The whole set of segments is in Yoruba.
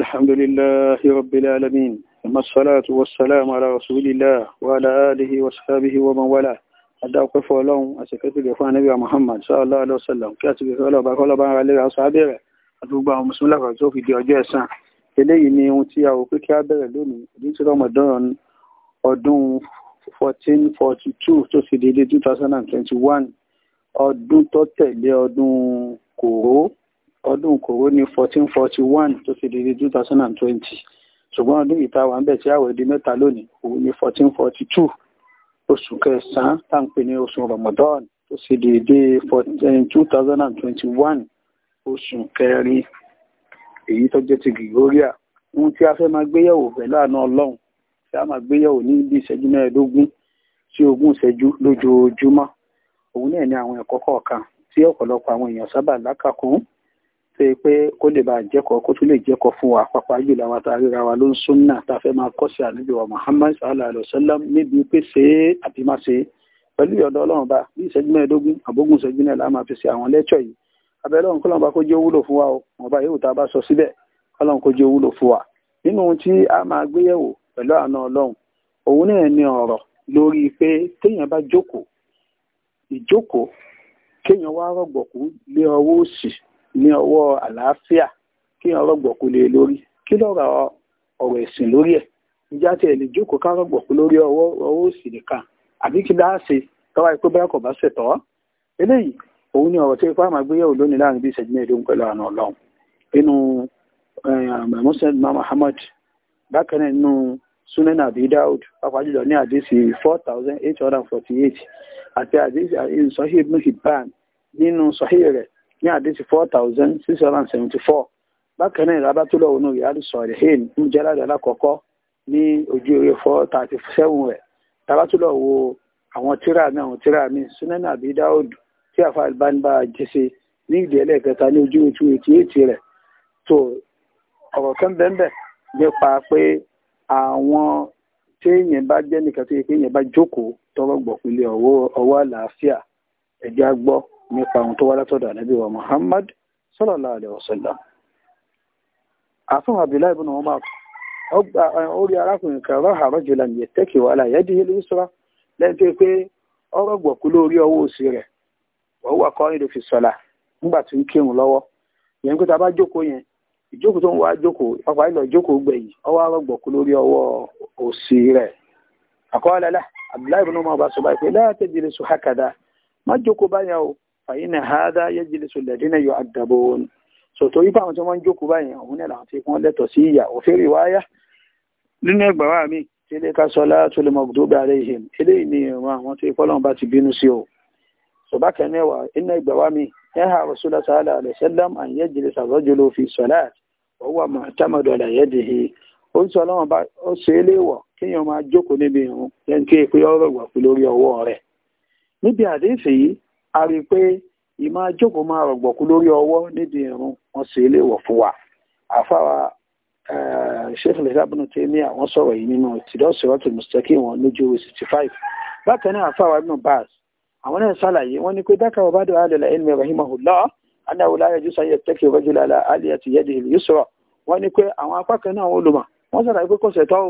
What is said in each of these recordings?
الحمد لله رب العالمين ثم الصلاة والسلام على رسول الله وعلى آله وصحبه ومن والاه adáwọ̀pẹ́ fún ọlọ́run àṣẹkẹ́tìgbẹ̀ fún anábíà muhammad sallallahu alaihi wasallam kí àti ìfẹ́ ọlọ́ba kọ́lọ́ba ara lẹ́ra ọ̀sán abẹ́rẹ̀ àdúgbò àwọn mùsùlùmí lápá tó fi di ọjọ́ ẹ̀san eléyìí ni ohun tí a rò pé kí á bẹ̀rẹ̀ lónìí èyí tí rọmọdán ọdún 1442 tó fi di 2021 ọdún tó tẹ̀lé ọdún kòró ọdún kòró ní fourteen forty one tó fi di di two thousand and twenty ṣùgbọ́n ọdún ìta wà ń bẹ̀ tí àwẹ̀ di mẹ́ta lónìí òun ní fourteen forty two oṣù kẹsàn-án tá à ń pè ní oṣù Ramadan tó sì di di two thousand and twenty one oṣù kẹrin èyí tó jẹ́ ti Gregoria ohun tí a fẹ́ máa gbéyẹ̀wò pẹ̀lú àna Ọlọ́run tí a máa gbéyẹ̀wò ní bí ìṣẹ́jú mẹ́ẹ̀ẹ́dógún sí ogún ìṣẹ́jú lójoojúmọ́ òun náà ní àwọn ẹ̀kọ́ kọ̀ọ̀kan tí ọ̀pọ̀lọpọ̀ àwọn èèyàn sábà lákàkún ṣe pé kó lè bá jẹ́kọ̀ọ́ kó tún lè jẹ́kọ̀ọ́ fún wa pàápàá jùlọ àwọn tá wa ló ń súnà tá máa kọ́ sí ànábì wa sallallahu alayhi wa sallam níbi pé ṣe é àbí má ṣe é pẹ̀lú ìyọ̀dọ̀ ọlọ́run bá bí ìṣẹ́jú mẹ́ẹ̀ẹ́dógún àbógún ìṣẹ́jú náà la máa fi ṣe àwọn lẹ́tọ̀ yìí abẹ́lọ́run kọ́lọ́n bá kó jẹ́ wúlò fún wa o wọn bá yóò tá a bá sọ síbẹ̀ kọ́lọ́n kó jẹ́ wúlò fún ní ọwọ́ àlàáfíà kí wọ́n rọ̀gbọ̀kú lé lórí kí lọ́rọ̀ ọ̀rọ̀ ẹ̀sìn lórí ẹ̀ ìjà tí ẹ̀ lè jókòó lórí ọwọ́ òsì nìkan àbí kí ṣe kò bá ṣètọ́ eléyìí òun ni ọ̀rọ̀ tí ipá máa gbéyàwó lónìí láàrin bí ìṣẹ́jú mẹ́ẹ̀ẹ́dógún pẹ̀lú àwọn ọlọ́run nínú eh, Muslim Muhammad bákan nínú sunan abi daud pàápàá jùlọ ní àdéhìsì four thousand eight hundred forty eight àti àdéhìsì eh, sahih ibn hibban nínú sahih ní àdéhùn four thousand six hundred and seventy four bákan náà ìrábá tó lọ́wọ́ náà yàrá sọ̀rọ̀ hìn ń jẹ́ ládàá kọ́kọ́ ní ojú eré four thirty seven rẹ̀ tàbá tó lọ́wọ́ àwọn tíra mi àwọn tíra mi sunan abi daud tí àfa albanba jẹ́ sí ní ìdí ẹlẹ́ẹ̀kẹta ní ojú ojú eighty eight rẹ̀ tó ọ̀rọ̀ kan bẹ́ẹ̀ nípa pé àwọn téèyàn bá jẹ́ nìkan tó yẹ kéèyàn bá jókòó tọrọ gbọ̀pìlẹ̀ ọwọ́ àlàáfíà ẹ̀jẹ̀ á gbọ́ nípa ohun tó wá látọ̀dọ̀ ànábì wa Muhammad sallallahu alaihi wasallam àfún Abdullahi ibn Umar orí arákùnrin kan rọ́hà rajulan ala yadihi al-yusra lẹ́yìn tó pé ọ̀rọ̀ gbọ̀kú lórí ọwọ́ òsì rẹ̀ wọ́n wà kọ́ fi sọ̀la nígbà tí ń kírun yẹn pé a bá jókòó yẹn ìjókòó tó ń wá jókòó ọkọ̀ àìlọ́ jókòó gbẹ̀yìn ọwọ́ ọ̀rọ̀ gbọ̀kú lórí òsì Abdullahi Umar bá sọ báyìí pé má jókòó fàyínà hádá yajlisu alladhina yu'addabun sọ̀tọ̀ yípa àwọn tí wọ́n ń jókòó báyìí àwọn náà làwọn tí wọ́n lẹ́tọ̀ sí ìyà òfin riwaya nínú ẹgbàá wa mi tẹ́lẹ̀ ká sọlá tó lè mọ̀ gbogbo alaihim eléyìí ni ìran àwọn tó ikọ́ lọ́nà bá ti bínú sí o sọ̀bákẹ́ mẹ́wàá iná ẹgbàá wa mi ẹ̀ ha rasulá sàálà alẹ́sẹ́lám an yajlisa ar-rajulu fi sọ̀lát wa huwa mu'tamadu ala yadihi ó ń sọ lọ́wọ́n bá ó ṣe é léwọ̀ kéèyàn máa jókòó níbi ìrún yẹn kí èpè ọ̀rọ̀ ìwà pẹ̀lú ọwọ́ rẹ̀ níbi àdéhìí a rí i pé ìmọ̀ ajókòó máa rọ̀gbọ̀kú lórí ọwọ́ nídìí irun wọn sì lè wọ̀ fún wa àfáwà eh, sheikh lisabunu tèmi àwọn sọ̀rọ̀ yìí nínú tìdọ́sọ̀rọ̀tì mustaki wọn lójú sixty five bákan náà àfáwà ibn baz àwọn náà ṣàlàyé wọn ni pé dákàwọ bá dọ̀ àlẹ́ ilmi rahimahullah anáwó láyé jù sáyẹ tẹ́kì rọ́jùlá àlẹ́ àlẹ́ àti yẹ́dì ìlú yusra wọn ni pé àwọn apá kan náà wọn lùmọ̀ wọn ṣàlàyé pé kọ̀sẹ̀ tọ́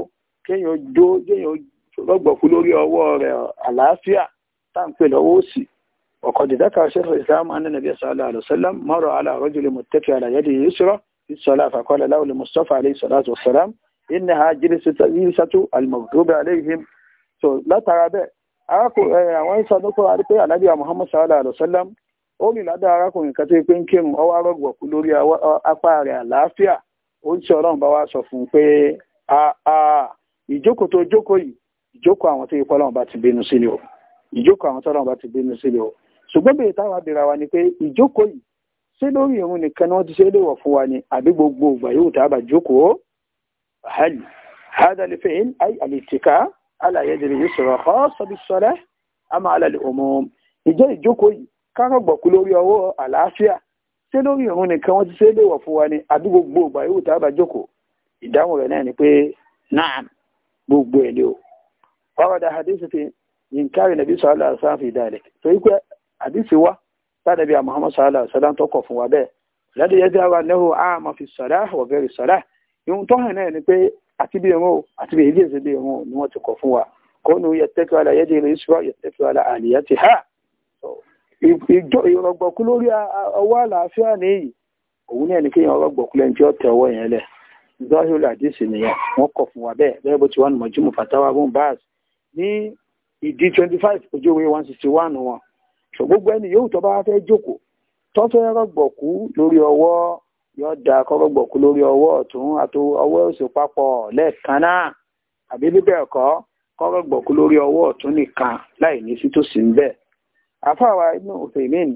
kéèyàn dó kéèyàn rọ̀gbọ̀kú lórí ọwọ́ rẹ̀ àlàáfíà táǹpẹ̀ lọ́wọ́ òsì وقد ذكر شيخ الإسلام أن النبي صلى الله عليه وسلم مر على رجل متكئ على يده يسرى في الصلاة فقال له لمصطفى عليه الصلاة والسلام إنها جلسة جلسة المغضوب عليهم لا ترى بẹ́ẹ̀ arákùnrin àwọn ìsọdọ́kọ̀ àdìpé ànábì Muhammad sallallahu alaihi wasallam ó rìn ládà arákùnrin kan tó pé ń kírun ọwọ́ arọ́gbọ̀kú lórí apá rẹ̀ àlàáfíà ó ń sọ ọlọ́run bá wa sọ fún un pé ìjókòó tó jókòó yìí ìjókòó àwọn tó yẹ kọ́ ọlọ́run bá ti bínú sílẹ̀ o ìjókòó àwọn tó ọlọ́run bá ti bínú sílẹ̀ o ṣùgbọ́n bèèrè táwọn abèrè wa ni pé ìjókòó yìí ṣé lórí ìrun nìkan ni wọ́n ti ṣe léwọ̀ fún wa ni àbí gbogbo ìgbà yóò tá jókòó hal hada lè fẹ́yìn ay àlètìká alàyè jẹrẹ yìí sọ̀rọ̀ ọ́ sọ́bí sọ́rẹ́ àmọ́ alàlẹ́ ọmọ ìjẹ́ ìjókòó yìí kárọ̀ gbọ̀kú lórí ọwọ́ àlàáfíà ṣé lórí ìrun nìkan wọ́n ti ṣe léwọ̀ fún wa ni àbí gbogbo ìgbà yóò tá a bá jókòó ìdáhùn rẹ̀ náà ni pé pé àdìsí wa tádàbí Muhammad sallallahu alaihi wasallam tó kọ̀ fún wa bẹ́ẹ̀ lẹ́dí yẹ́dí àwa lẹ́hu àmà fi sọ̀rọ̀ wa ghairi sọ̀rọ̀ ìhun tó hàn náà ni pé àti bí irun o àti bí èyí èsè bí o ni wọ́n ti kọ̀ fún wa kónú yẹtẹ́kẹ́ wàlà ìṣúra ha ìjọ ìrọ̀gbọ̀kú lórí ọwọ́ àlàáfíà nìyí òun náà ni yẹn ṣò gbogbo ẹni yóò tó bá fẹ́ jókòó tó fẹ́ rọ̀gbọ̀kú lórí ọwọ́ yóò da kọ́rọ̀gbọ̀kú lórí ọwọ́ ọ̀tún àti ọwọ́ òsì papọ̀ lẹ́ẹ̀kan náà àbí bíbẹ̀ ẹ̀kọ́ kọ́rọ̀gbọ̀kú lórí ọwọ́ ọ̀tún nìkan láì ní sí tòsí ń bẹ̀. àfáàwà inú òfèmín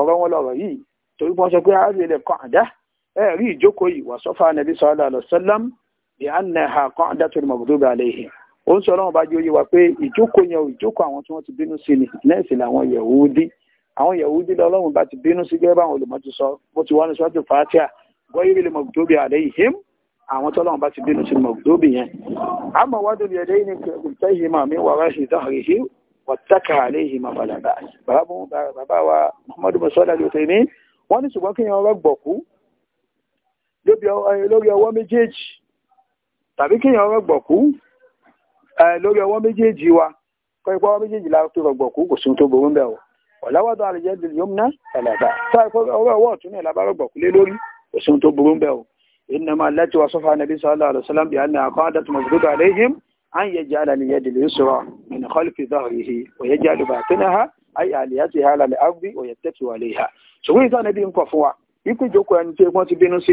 ọ̀rọ̀ wọn lọ̀rọ̀ yìí torí wọ́n sọ pé a lè àdá ẹ̀ rí ìjókòó yìí wà sọ́fà nàbí sallallahu alaihi wasallam bí àdá tó ní mọ̀gbọ́dọ́ ó ń sọ ọlọ́run bá jẹ́ oyé wa pé ìjókòó yẹn ò ìjókòó àwọn tí wọ́n ti bínú sí ni nẹ́ẹ̀sì làwọn yẹ̀wúdí àwọn yẹ̀wúdí lọ́lọ́run bá ti bínú sí gẹ́gẹ́ báwọn olùmọ̀ ti sọ bó ti wá ní sọ́tù fatia gọ́yìrì lè mọ̀gbóbi àlẹ́ ìhìm àwọn tọ́lọ́run bá ti bínú sí mọ̀gbóbi yẹn àmọ́ wájú bí ẹ̀dẹ́ ní kẹ̀kẹ́ mi wà ráṣì dáhìrì wàtàkà àlẹ́ wa muhammadu musola ló tẹ̀ ní wọ́n ní ṣùgbọ́n kí yẹn rọ́gbọ̀kú lórí lórí ọwọ́ méjèèjì wa kọ́ ipá ọwọ́ méjèèjì la tó rọgbọ̀ kú kò sí tó burú ń bẹ̀ o ọ̀làwọ̀dọ̀ àlejò ẹ̀dùn yóò ná ẹ̀lẹ́bà tá ọwọ́ ọwọ́ ọ̀tún náà lábá rọgbọ̀ kú lé lórí kò sí tó burú ń bẹ̀ o innama allati wasafa nabi sallallahu alaihi wasallam bi anna aqadatu mazduda alaihim an yaj'ala li yadi al-yusra min khalfi dhahrihi wa yaj'alu batinaha ay aliyatiha ala al-ardi wa yattaki alayha ṣùgbọ́n nabi ń kọ̀ fún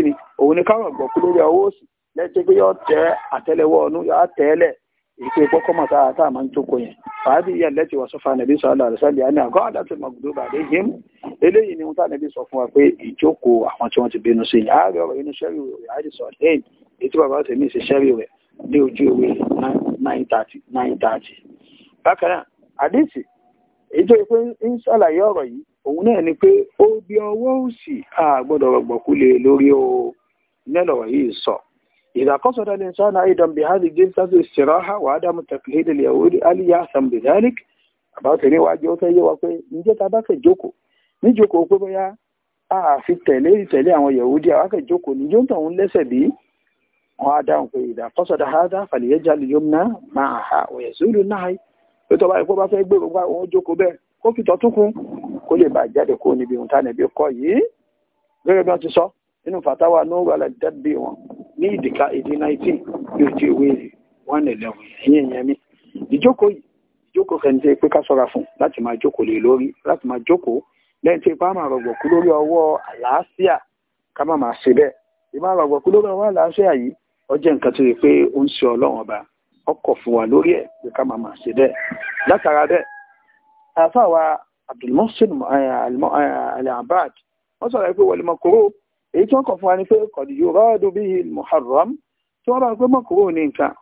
ni òun ni káwọn gbọ̀kú lórí ọwọ́ òsì lẹ́tí pé yóò ìpè gbọ́kọ́mọ̀ tá a tá a máa ń jókòó yẹn fàábì yà lẹ́tì wà sọ́fà nàbí sọ́lá àlùsálì àní àgọ́ àdàtì màgùdóbà àdé yẹn eléyìí ni wọ́n tá nàbí sọ fún wa pé ìjókòó àwọn tí wọ́n ti bínú sí yìí àárẹ̀ ọ̀rọ̀ inú sẹ́rí rẹ̀ àìrí sọ lẹ́yìn ètò bàbá tèmi ṣe sẹ́rí rẹ̀ ní ojú ewé nine thirty nine thirty. bákan náà àdéhìsì ètò ìpè ń sàlàyé ọ̀rọ̀ yìí òun náà ni pé ó bí ọwọ́ òsì àgbọ̀dọ̀ rọ̀gbọ̀kú lé lórí o nílọ̀rọ̀ yìí sọ إذا قصد الإنسان أيضا بهذه الجلسة الاستراحة وعدم التقليد اليهودي هل يأثم بذلك؟ àbáfẹ́rẹ́ wa jẹ́ ó fẹ́ yé wa pé ǹjẹ́ ta bá kẹ̀ jókòó níjókòó pé bóyá a fi tẹ̀lé ìtẹ̀lé àwọn yahudi àwọn kẹ̀ jókòó níjó ń tọ̀hún lẹ́sẹ̀ bí wọn á dáhùn pé ìdá kọ́sọ̀dá hádá fàlìyẹ́jà lìyó ná máa ha òyẹ̀ sóòlù náà pé tọ́ba ìpó bá fẹ́ gbèrò bá òun jókòó bẹ́ẹ̀ kó fi tọ́tún kún kó lè bá jáde kó níbi ohun tá níbi kọ́ yìí gẹ́gẹ́ bí wọ́n ti sọ nínú fatawa nóòrò alẹ́ dẹ́bí wọn ní ìdìka èdè 19 ní ojú ìwé 111 ẹ̀yìn ẹ̀yìn mi ìjókòó yìí ìjókòó fẹ́ni tí pé ká ṣọ́ra fún láti máa jókòó lé lórí láti máa jókòó lẹ́yìn tí ipá máa rọ̀gbọ̀kú lórí ọwọ́ àlàáfíà ká má máa ṣe bẹ́ẹ̀ ìmá rọ̀gbọ̀kú lórí ọwọ́ àlàáfíà yìí ó jẹ́ nǹkan tó yẹ pé ó ń ṣe ọlọ́run ọba ọkọ̀ fún wa lórí ẹ̀ pé ká má máa ṣe bẹ́ẹ̀ látara bẹ́ẹ̀ àfáà wa Abdulmohsen eh, Al-Abbad wọ́n sọ̀rọ̀ pé wọlé mọ́kòrò èyí tí wọ́n kọ̀ fún wa ni pé kọ̀dí yuradu bihi al-muharram tí wọ́n bá gbé makruh ní nǹkan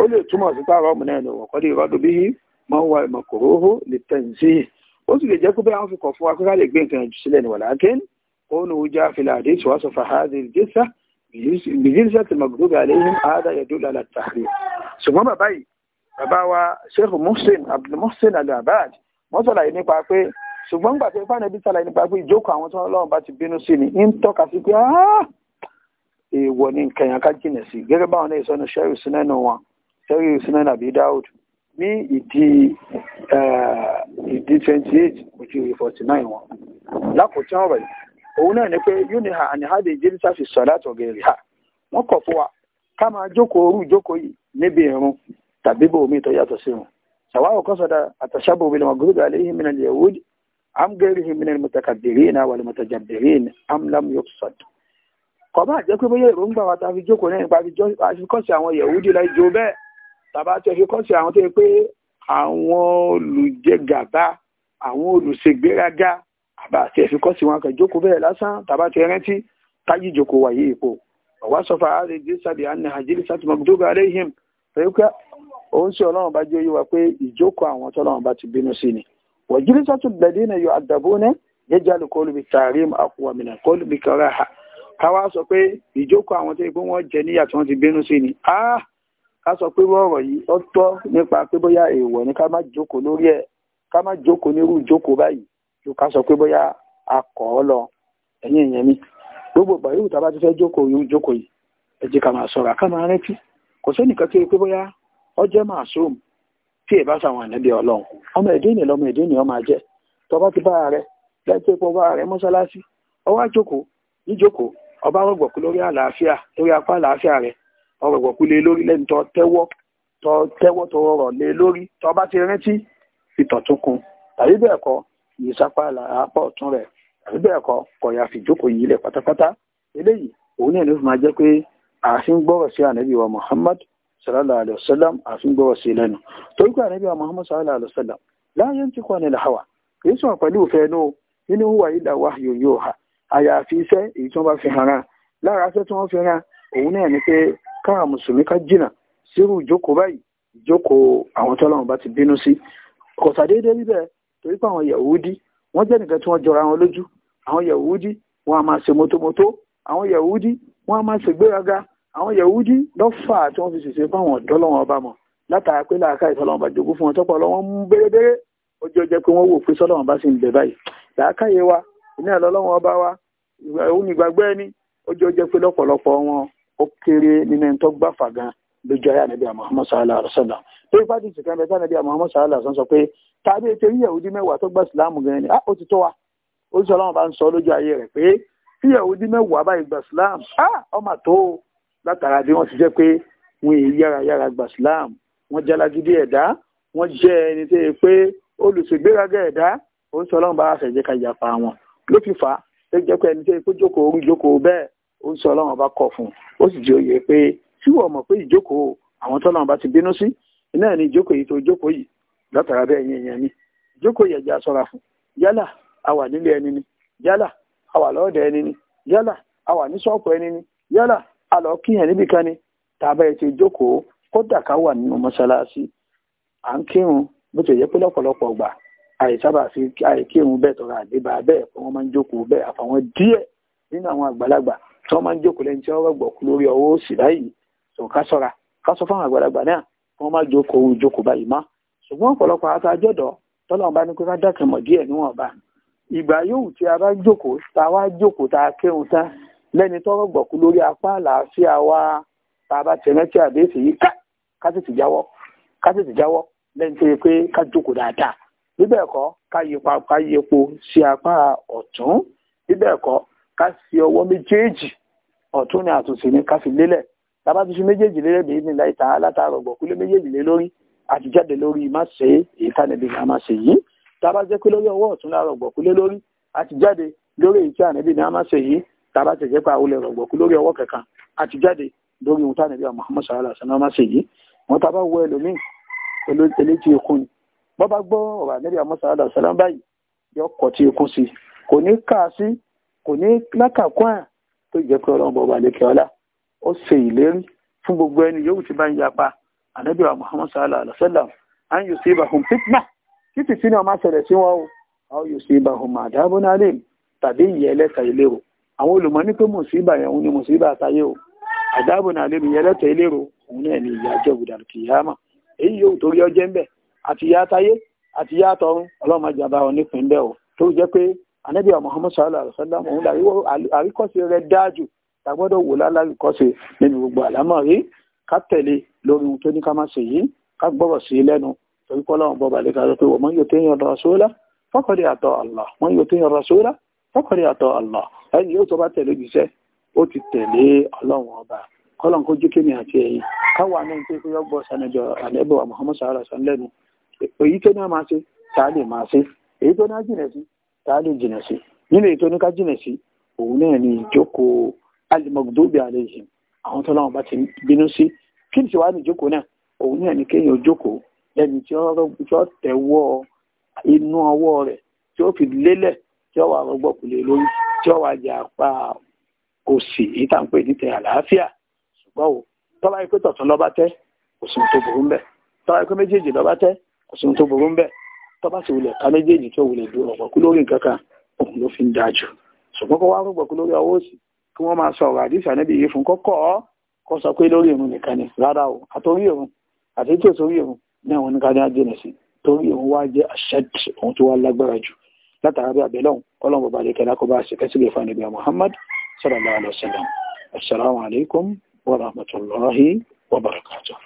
ó lè túmọ̀ sí pé àwọn ọmọ náà ni wọ́n kọ́dí yuradu bihi ma huwa makruh lit-tanzih ó sì lè jẹ́ pé bẹ́ẹ̀ wọ́n fi kọ̀ fún wa pé ká lè gbé nǹkan jù sílẹ̀ ni walakin kóònù já fìlà àdéhùn wá sọ fàhádì ìjẹsà bìjìlísà tí magdubi alayhim àádá yadullu ala tahrim ṣùgbọ́n bàbá yìí bàbá wa sheikh muhsin abdul muhsin al-abad yìí nípa pé ṣùgbọ́n gbàtí ipá nàbí sàlàyé nípa pé ìjókòó àwọn tí wọ́n lọ́wọ́ bá ti bínú sí ni ń tọ́ka sí pé ah, èèwọ̀ ni nǹkan yẹn ká jìnà sí gẹ́gẹ́ báwọn náà ìsọnu sẹ́rì sinẹ́nu wọn sẹ́rì sinẹ́nu àbí dáhùd ní ìdí eh, ìdí twenty eight ojú ìwé forty nine wọn. lákòótán ọ̀rọ̀ yìí òun náà ni pé uniha anihade jébísà fi sọ láti ọ̀gẹ̀ rìhà wọ́n kọ̀ fún wa ká máa jókòó orú ìjókòó yìí níbi ìrun tàbí bòmí tó yàtọ̀ sí sàwáwò kan sọ̀dà àtàṣàbò bíi lọ́mọ gúdúgbà lẹ́yìn mìíràn yẹ̀wòdì am gairihim minal mutakabirina wal mutajabirin am lam yuqsad kọba àjẹ́ pé bóyá èròǹgbà wa ta fi jókòó náà nípa àfikọ́sí àwọn yẹ̀wúdí láì jó bẹ́ẹ̀ tàbá tí àfikọ́sí àwọn tó yẹ pé àwọn olùjẹgàba àwọn olùṣègbéraga àbá àti àfikọ́sí wọn kàn jókòó bẹ́ẹ̀ lásán tàbá tí rántí káyí jókòó wà yí ipò ọ̀wá sọfà àárẹ̀ jésàbí àná àjírí sátìmọ̀gbọ́dọ́gba aléhìm pẹ̀lú pé òun sì ọlọ́run bá jẹ́ yíwa pé ìjókòó àwọn tọ́lọ́run bá ti bínú sí ni وجلسة الذين يعذبون يجعل قول بالتعريم أقوى من القول بكراهة káwá sọ pé ìjókòó àwọn tó yẹ pé wọ́n jẹ níyà tí wọ́n ti bínú sí ni ká sọ pé wọ́ọ̀rọ̀ yìí ó tọ́ nípa pé bóyá èèwọ̀ ni ká má jókòó lórí ẹ̀ ká má jókòó nírú ìjókòó báyìí ju ká sọ pé bóyá a kọ̀ ọ́ lọ ẹ̀yìn ìyẹn mi gbogbo ìgbà yóò tá a bá ti fẹ́ jókòó yóò jókòó yìí ẹ jẹ́ ká máa sọ̀rọ̀ ká máa rántí kò sẹ́nìkan tó yẹ pé bóyá ó jẹ́ màásùm tí ì bá sàwọn ànábì ọlọ́run ọmọ ẹ̀dẹ́ ènìyàn lọmọ ẹ̀dẹ́ ènìyàn máa jẹ́ tọba ti bá rẹ lẹ́tọ́ epo bá rẹ mọ́sálásí ọwọ́ àjòkó níjòkó ọba rọ̀gbọ̀kú lórí àlàáfíà lórí apá àlàáfíà rẹ ọrọ̀gbọ̀kú lé lórí lẹ́nu tọ́ tẹ́wọ́ tọ́ tẹ́wọ́ tó rọrọ̀ lé lórí tọba ti rántí ìtọ̀túnkun tàbí bẹ́ẹ̀ kọ́ ìyísápá apá ọ̀tún rẹ̀ tàbí bẹ́ẹ̀ kọ́ kọ̀yà fìjókòó yìí lẹ̀ pátápátá eléyìí òun náà ló fi máa jẹ́ pé ààfin gbọ́rọ̀ sí ànábì wa Muhammad sallallahu alaihi wasallam àfin gbọ́wọ́ sí lẹ́nu torí pé ànábì muhammad sallallahu alaihi wasallam láyé ń ti kọ́ ni làwà kìí sọ̀rọ̀ pẹ̀lú ìfẹ́ inú nínú wà ilà wà yòyò ha àyàfi iṣẹ́ èyí tí wọ́n bá fi hàn án lára iṣẹ́ tí wọ́n fi hàn òun náà ni pé káà mùsùlùmí ká jìnà sírù ìjókòó báyìí ìjókòó àwọn tọ́lọ́run bá ti bínú sí kò bíbẹ̀ torí pé àwọn yahudi wọ́n jẹ́ nìkan tí wọ́n jọra wọn lójú àwọn yahudi wọ́n á máa ṣe mótómótó àwọn yahudi wọ́n á máa ṣègbéraga àwọn yahudi lọ́fà tí wọ́n fi ṣèṣe fáwọn ọ̀dọ́ lọ́wọ́n ọba mọ̀ látara pé láàká ìfọlọ́wọ́n bá jogún fún wọn tọ́pọ̀ lọ́wọ́ ń bérebére ọjọ́ jẹ́ pé wọ́n wò pé sọ́lọ́wọ́n bá sì ń bẹ báyìí làákà yé wa ìní àlọ́lọ́wọ́n ọba wa òun ìgbàgbọ́ ẹni ọjọ́ jẹ́ pé lọ́pọ̀lọpọ̀ wọn ó kéré nínú ẹni tó gbà fàgàn lójú ayé ànábì Muhammad sallallahu alaihi wasallam tó bá ti sìkà mẹ́ta ànábì Muhammad sallallahu alaihi wasallam sọ pé tàbí ètò yahudi mẹ́wàá tó gbà sílámù gan ni ah, ó ti tó wa ó sọ ọlọ́run bá ń sọ lójú ayé rẹ̀ pé yahudi mẹ́wàá báyìí gbà sílámù ah, ọmọ tó látara bí wọ́n ti jẹ́ pé wọn èyí yára yára gbà Islam wọ́n jalagídí ẹ̀dá wọ́n jẹ́ ẹni tó yẹ pé olùṣègbéraga ẹ̀dá òun sọ ọlọ́run bá wà fẹ̀jẹ̀ ká ìyapa wọn ló fi fà á tó jẹ́ pé ẹni tó yẹ pé jókòó orí jókòó bẹ́ẹ̀ òun sọ ọlọ́run bá kọ̀ fún un ó sì jẹ́ òye pé tí wọ́n pé ìjókòó àwọn tọ́lọ́run bá ti bínú sí iná ní ìjókòó yìí tó jókòó yìí látara bẹ́ẹ̀ yẹn yẹn ni ìjókòó yẹn já sọ́ra fún yálà a wà nílé ẹni ni yálà a wà lọ́ọ̀dẹ̀ ẹni ni yálà a wà ní ṣọ́ọ̀pù ẹni ni yálà àlọ́ kíyàn níbi kan ni tàbá ẹ̀ ti jókòó kódà ká wà nínú mọ́ṣáláṣí à ń kírun bó ti yẹ pé lọ́pọ̀lọpọ̀ gbà àìsábà fi àìkírun bẹ́ẹ̀ tọ́ra àdébà bẹ́ẹ̀ pé wọ́n máa ń jókòó bẹ́ẹ̀ àfàwọn díẹ̀ nínú àwọn àgbàlagbà tí wọ́n máa ń jókòó lẹ́ni tí wọ́n rọ̀gbọ̀ kú lórí ọwọ́ òsì báyìí sọ ká ṣọ́ra ká sọ fáwọn àgbàlagbà náà wọ́n máa jókòó ohun ìjókòó báyìí má ṣùgbọ́n ọ̀pọ̀lọpọ̀ lẹ́ni tọ́rọ̀ gbọ̀kú lórí apá àlàáfíà wa tá a bá ti rántí àdéhùn yìí ká ká sì ti jáwọ́ ká sì ti jáwọ́ lẹ́ni tó yẹ pé ká jókòó dáadáa bíbẹ̀ kọ́ ká yípa ká yípo sí apá ọ̀tún bíbẹ̀ kọ́ ká fi ọwọ́ méjèèjì ọ̀tún ni àtòsí ni ká fi lélẹ̀ tábà ti fi méjèèjì lélẹ̀ bí ní láìta látàárọ̀ gbọ̀kú lé méjèèjì lé lórí àtijáde lórí má ṣe èyí tánibí ni a má ṣe yìí tábà jẹ́ pé lórí ọwọ́ ọ̀tún láàárọ̀ gbọ̀kú lé lórí àtijáde lórí èyí tí àníbí ni a má ṣe yìí tàbá tẹ̀jẹ́ pé àwọn olèrò ọ̀gbọ̀kú lórí ọwọ́ kankan àti jáde lórí ohun tánàbí àwọn Muhammad sallallahu alaihi wasallam ṣe yìí wọn tàbá wọ ẹlòmíì olóòtẹlẹ tí ikú ni bọ́ bá gbọ́ ọ̀rọ̀ ànábì àwọn sallallahu alaihi wasallam báyìí yọ kọ̀ tí ikú sí kò ní kà sí kò ní lákàkún à tó jẹ́ pé ọlọ́run bọ̀ wà lẹ́kẹ̀ ọlá ó ṣe ìlérí fún gbogbo ẹni yóò ti bá ń yapa ànábì àwọn Muhammad sallallahu alaihi wasallam à ń yòó sí ibàhùn fitna títí tí náà má ṣẹlẹ̀ sí wọn o à ó yòó sí ibàhùn màdábọ́nálẹ̀ àwọn olùmọ̀ ní pé mùsíbà yẹn òun ni mùsíbà àtayé o àdáàbò náà lè nìyẹn lẹ́tọ̀ eléro òun náà ni ìyá jẹ́ òbúdàrú kì í yá mà èyí yóò torí ọjẹ́ ńbẹ àti ìyá àtayé àti ìyá àtọ̀run ọlọ́mọ jàmbá wọn nípìn bẹ́ẹ̀ o tó jẹ́ pé anábì Muhammad sallallahu alaihi wasallam òun àríkọ́sí rẹ̀ dáàjù tàgbọ́dọ̀ wò lálárìkọ́sí nínú gbogbo àlámọ̀ rí ká tẹ̀lé lórí ohun tó ní ká má ṣe yìí ká gbọ́rọ̀ sí lẹ́nu torí kọ́lọ́run bọ́ba lè ká lọ pé wọ́n yóò téèyàn rọ̀ sóòlá fọ́kọ̀dé àtọ̀ Allah wọ́n yóò téèyàn rọ̀ sóòlá fọ́kànlẹ̀ àtọ̀ ọla ẹni yóò tó bá tẹ̀lé òjíṣẹ́ ó ti tẹ̀lé ọlọ́run ọba kọ́lọ̀n kó jókè ní àti ẹ̀yìn káwà náà ń pé pé ọgbọ́ sanẹjọ àlẹ́bọ̀ Muhammad sahara san lẹ́nu èyí tó ní a máa ṣe tá a lè máa ṣe èyí tó ní a jìnà sí tá a lè jìnà sí nínú èyí tó ní ká jìnà sí òun náà ìjókòó àwọn tó láwọn bá ti bínú sí tí ó wà àwọn gbọ́kùlé lórí tí ó wà jẹ apá òsì èyí tá à ń pè ní tẹ àlàáfíà ṣùgbọ́n o tọ́ba yìí pé tọ̀tún lọ́ba tẹ́ kò sí tó burú mbẹ̀ tọ́ba yìí pé méjèèjì lọ́ba tẹ́ kò sí tó burú mbẹ̀ tọ́ba sì wulẹ̀ ká méjèèjì tó wulẹ̀ dúró ọ̀gbọ̀kú lórí nǹkan kan òun ló fi ń da jù ṣùgbọ́n kó wá rúgbọ̀kú lórí ọwọ́ òsì kí wọ́n máa sọ ọ̀rọ̀ àdìsá torí ìrun wá jẹ́ àṣẹ òun tó wá lágbára jù látara bí abẹ́lọ́n ọlọ́run bàbá lè kẹ́lá kó bá ṣe kẹ́sìlẹ̀ fún ẹni bí Muhammad sallallahu alaihi wasallam assalamu wa rahmatullahi wa barakatuh